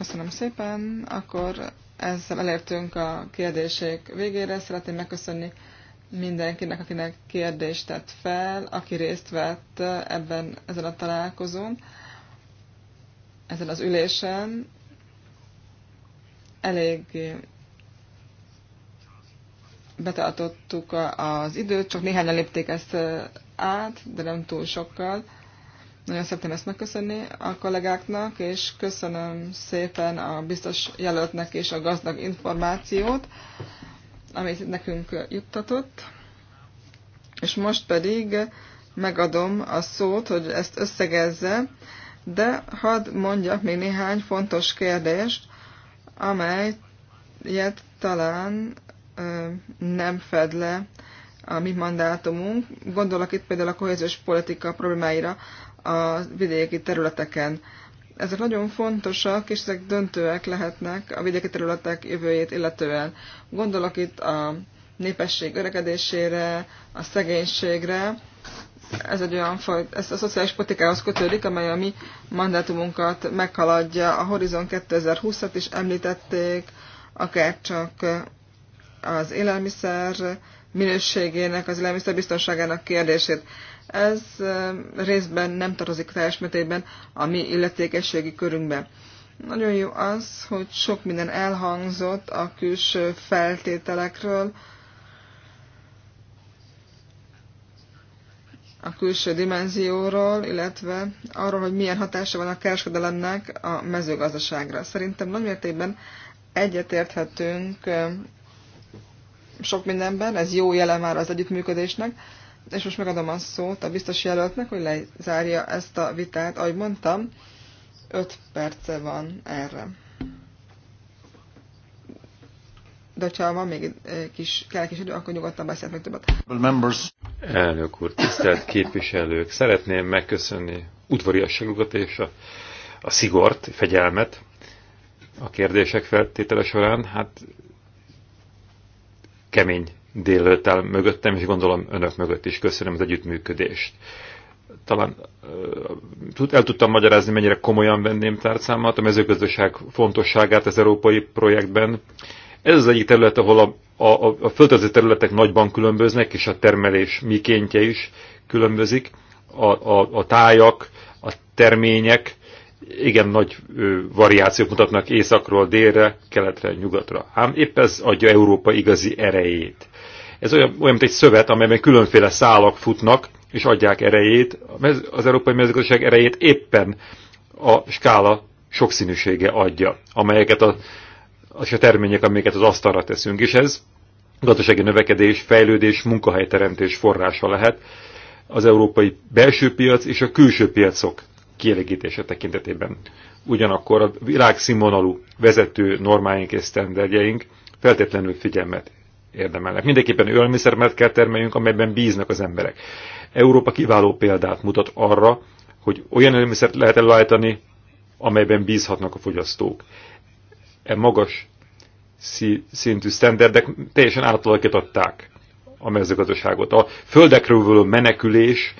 Köszönöm szépen. Akkor ezzel elértünk a kérdések végére. Szeretném megköszönni mindenkinek, akinek kérdést tett fel, aki részt vett ebben ezen a találkozón, ezen az ülésen. Elég betartottuk az időt, csak néhányan lépték ezt át, de nem túl sokkal. Nagyon szeretném ezt megköszönni a kollégáknak, és köszönöm szépen a biztos jelöltnek és a gazdag információt, amit nekünk juttatott. És most pedig megadom a szót, hogy ezt összegezze, de hadd mondjak még néhány fontos kérdést, amelyet talán nem fed le a mi mandátumunk. Gondolok itt például a kohéziós politika problémáira a vidéki területeken. Ezek nagyon fontosak, és ezek döntőek lehetnek a vidéki területek jövőjét illetően. Gondolok itt a népesség öregedésére, a szegénységre. Ez egy olyan fajta, ez a szociális politikához kötődik, amely a mi mandátumunkat meghaladja. A Horizon 2020-at is említették, akár csak az élelmiszer minőségének, az élelmiszer biztonságának kérdését. Ez részben nem tartozik teljes mértékben a mi illetékességi körünkbe. Nagyon jó az, hogy sok minden elhangzott a külső feltételekről, a külső dimenzióról, illetve arról, hogy milyen hatása van a kereskedelemnek a mezőgazdaságra. Szerintem nagymértékben egyetérthetünk sok mindenben, ez jó jele már az együttműködésnek, és most megadom a szót a biztos jelöltnek, hogy lezárja ezt a vitát. Ahogy mondtam, 5 perce van erre. De ha van még kis, kell kis idő, akkor nyugodtan beszélt meg többet. Members. Elnök úr, tisztelt képviselők, szeretném megköszönni udvariasságukat és a, a szigort, fegyelmet a kérdések feltétele során. Hát kemény délőtt áll mögöttem, és gondolom önök mögött is köszönöm az együttműködést. Talán el tudtam magyarázni, mennyire komolyan venném tárcámat, a mezőgazdaság fontosságát az európai projektben. Ez az egyik terület, ahol a, a, a földrajzi területek nagyban különböznek, és a termelés mikéntje is különbözik. A, a, a tájak, a termények igen nagy variációk mutatnak északról délre, keletre, nyugatra. Ám épp ez adja Európa igazi erejét. Ez olyan, olyan mint egy szövet, amelyben különféle szálak futnak, és adják erejét. Az európai mezőgazdaság erejét éppen a skála sokszínűsége adja, amelyeket a, az a termények, amelyeket az asztalra teszünk, és ez gazdasági növekedés, fejlődés, munkahelyteremtés forrása lehet az európai belső piac és a külső piacok kielégítése tekintetében. Ugyanakkor a világszínvonalú vezető normáink és sztenderdjeink feltétlenül figyelmet érdemelnek. Mindenképpen ölmiszermet kell termeljünk, amelyben bíznak az emberek. Európa kiváló példát mutat arra, hogy olyan ölmiszert lehet elállítani, amelyben bízhatnak a fogyasztók. E magas szintű sztenderdek teljesen átalakították a mezőgazdaságot. A földekről való menekülés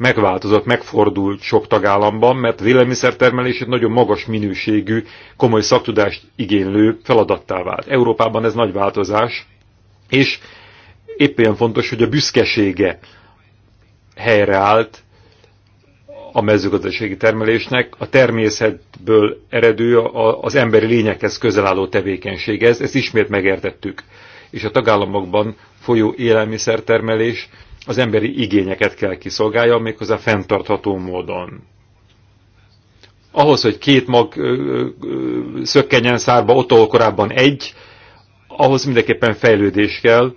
megváltozott, megfordult sok tagállamban, mert az élelmiszertermelés egy nagyon magas minőségű, komoly szaktudást igénylő feladattá vált. Európában ez nagy változás, és épp olyan fontos, hogy a büszkesége helyreállt a mezőgazdasági termelésnek, a természetből eredő, az emberi lényekhez közel álló tevékenység. Ez, ezt ismét megértettük. És a tagállamokban folyó élelmiszertermelés termelés az emberi igényeket kell kiszolgálja, méghozzá fenntartható módon. Ahhoz, hogy két mag szökkenjen szárba, ott korábban egy, ahhoz mindenképpen fejlődés kell,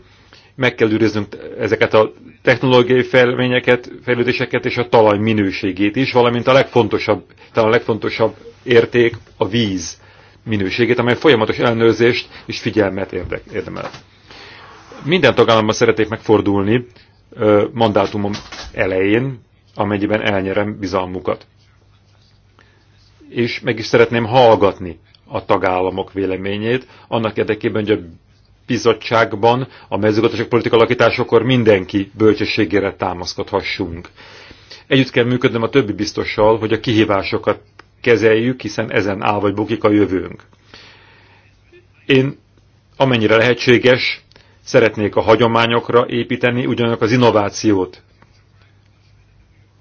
meg kell őriznünk ezeket a technológiai fejleményeket, fejlődéseket és a talaj minőségét is, valamint a legfontosabb, talán a legfontosabb érték a víz minőségét, amely folyamatos ellenőrzést és figyelmet érdemel. Minden tagállamban szeretnék megfordulni, mandátumom elején, amennyiben elnyerem bizalmukat. És meg is szeretném hallgatni a tagállamok véleményét, annak érdekében, hogy a bizottságban a mezőgazdaság politika alakításakor mindenki bölcsességére támaszkodhassunk. Együtt kell működnöm a többi biztossal, hogy a kihívásokat kezeljük, hiszen ezen áll vagy bukik a jövőnk. Én amennyire lehetséges, szeretnék a hagyományokra építeni, ugyanak az innovációt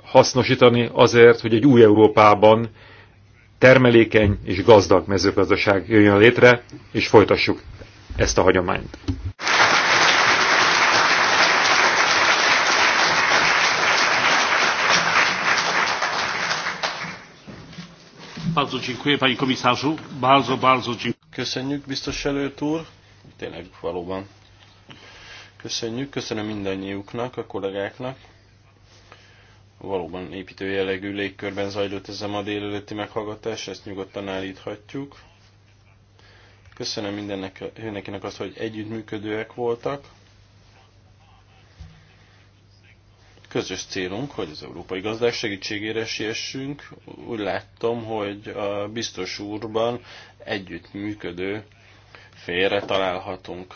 hasznosítani azért, hogy egy új Európában termelékeny és gazdag mezőgazdaság jöjjön létre, és folytassuk ezt a hagyományt. Bardzo dziękuję, panie komisarzu. Bardzo, bardzo dziękuję. Köszönjük, biztos előtt úr. Tényleg valóban Köszönjük, köszönöm mindannyiuknak, a kollégáknak. Valóban építő jellegű légkörben zajlott ez a ma délelőtti meghallgatás, ezt nyugodtan állíthatjuk. Köszönöm mindennek, mindenkinek azt, hogy együttműködőek voltak. Közös célunk, hogy az európai gazdaság segítségére siessünk. Úgy láttam, hogy a biztos úrban együttműködő félre találhatunk.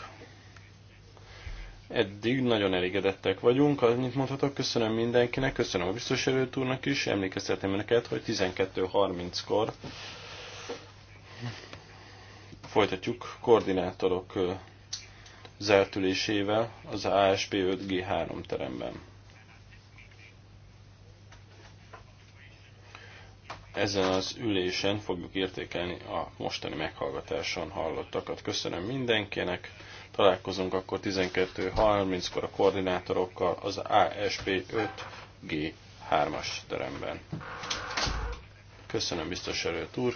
Eddig nagyon elégedettek vagyunk, annyit mondhatok, köszönöm mindenkinek, köszönöm a biztos úrnak is, emlékeztetem önöket, hogy 12.30-kor folytatjuk koordinátorok zártülésével az ASP 5G3 teremben. ezen az ülésen fogjuk értékelni a mostani meghallgatáson hallottakat. Köszönöm mindenkinek, találkozunk akkor 12.30-kor a koordinátorokkal az ASP 5G 3-as teremben. Köszönöm biztos előtt úr!